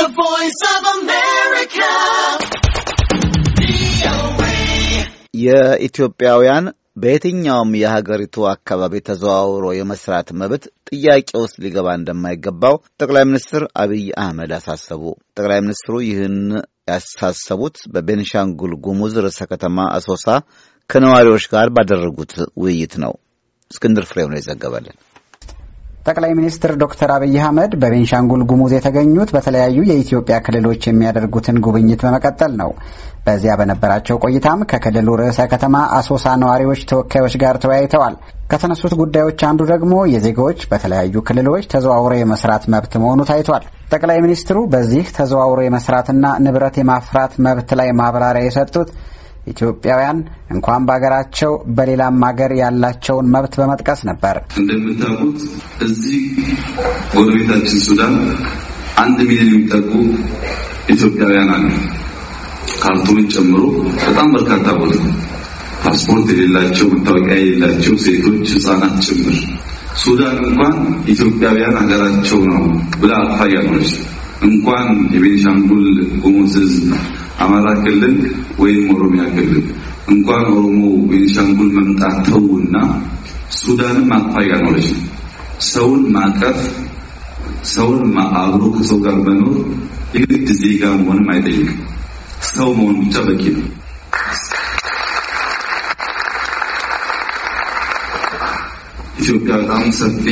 The Voice of America. የኢትዮጵያውያን በየትኛውም የሀገሪቱ አካባቢ ተዘዋውሮ የመስራት መብት ጥያቄ ውስጥ ሊገባ እንደማይገባው ጠቅላይ ሚኒስትር አብይ አህመድ አሳሰቡ። ጠቅላይ ሚኒስትሩ ይህን ያሳሰቡት በቤንሻንጉል ጉሙዝ ርዕሰ ከተማ አሶሳ ከነዋሪዎች ጋር ባደረጉት ውይይት ነው። እስክንድር ፍሬው ነው የዘገበልን። ጠቅላይ ሚኒስትር ዶክተር አብይ አህመድ በቤንሻንጉል ጉሙዝ የተገኙት በተለያዩ የኢትዮጵያ ክልሎች የሚያደርጉትን ጉብኝት በመቀጠል ነው። በዚያ በነበራቸው ቆይታም ከክልሉ ርዕሰ ከተማ አሶሳ ነዋሪዎች ተወካዮች ጋር ተወያይተዋል። ከተነሱት ጉዳዮች አንዱ ደግሞ የዜጋዎች በተለያዩ ክልሎች ተዘዋውሮ የመስራት መብት መሆኑ ታይቷል። ጠቅላይ ሚኒስትሩ በዚህ ተዘዋውሮ የመስራትና ንብረት የማፍራት መብት ላይ ማብራሪያ የሰጡት ኢትዮጵያውያን እንኳን በሀገራቸው በሌላም ሀገር ያላቸውን መብት በመጥቀስ ነበር። እንደምታውቁት እዚህ ጎረቤታችን ሱዳን አንድ ሚሊዮን የሚጠጉ ኢትዮጵያውያን አሉ። ካርቱምን ጨምሮ በጣም በርካታ ቦታ ፓስፖርት የሌላቸው መታወቂያ የሌላቸው ሴቶች፣ ህጻናት ጭምር ሱዳን እንኳን ኢትዮጵያውያን ሀገራቸው ነው ብላ ነች። እንኳን የቤኒሻንጉል ጉሙዝ ህዝብ አማራ ክልል ወይም ኦሮሚያ ክልል እንኳን ኦሮሞ ቤኒሻንጉል መምጣት ተውና ሱዳንም አቅፋ ያኖረች ነው። ሰውን ማቀፍ፣ ሰውን አብሮ ከሰው ጋር መኖር የግድ ዜጋ መሆንም አይጠይቅም። ሰው መሆን ብቻ በቂ ነው። ኢትዮጵያ በጣም ሰፊ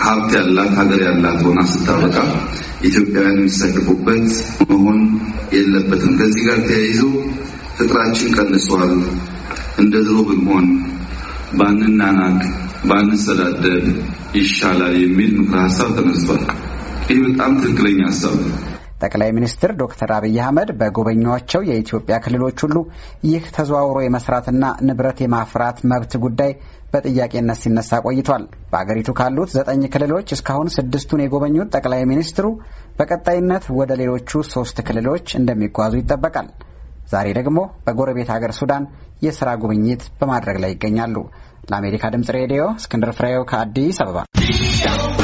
ሀብት ያላት ሀገር ያላት ሆና ስታበቃ ኢትዮጵያውያን የሚሰልፉበት መሆን የለበትም። ከዚህ ጋር ተያይዞ ፍቅራችን ቀንሷል። እንደ ድሮ ብንሆን ባንናናቅ፣ ባንሰዳደብ ይሻላል የሚል ምክረ ሀሳብ ተነስቷል። ይህ በጣም ትክክለኛ ሀሳብ ነው። ጠቅላይ ሚኒስትር ዶክተር አብይ አህመድ በጎበኟቸው የኢትዮጵያ ክልሎች ሁሉ ይህ ተዘዋውሮ የመስራትና ንብረት የማፍራት መብት ጉዳይ በጥያቄነት ሲነሳ ቆይቷል። በአገሪቱ ካሉት ዘጠኝ ክልሎች እስካሁን ስድስቱን የጎበኙት ጠቅላይ ሚኒስትሩ በቀጣይነት ወደ ሌሎቹ ሶስት ክልሎች እንደሚጓዙ ይጠበቃል። ዛሬ ደግሞ በጎረቤት ሀገር ሱዳን የስራ ጉብኝት በማድረግ ላይ ይገኛሉ። ለአሜሪካ ድምጽ ሬዲዮ እስክንድር ፍሬው ከአዲስ አበባ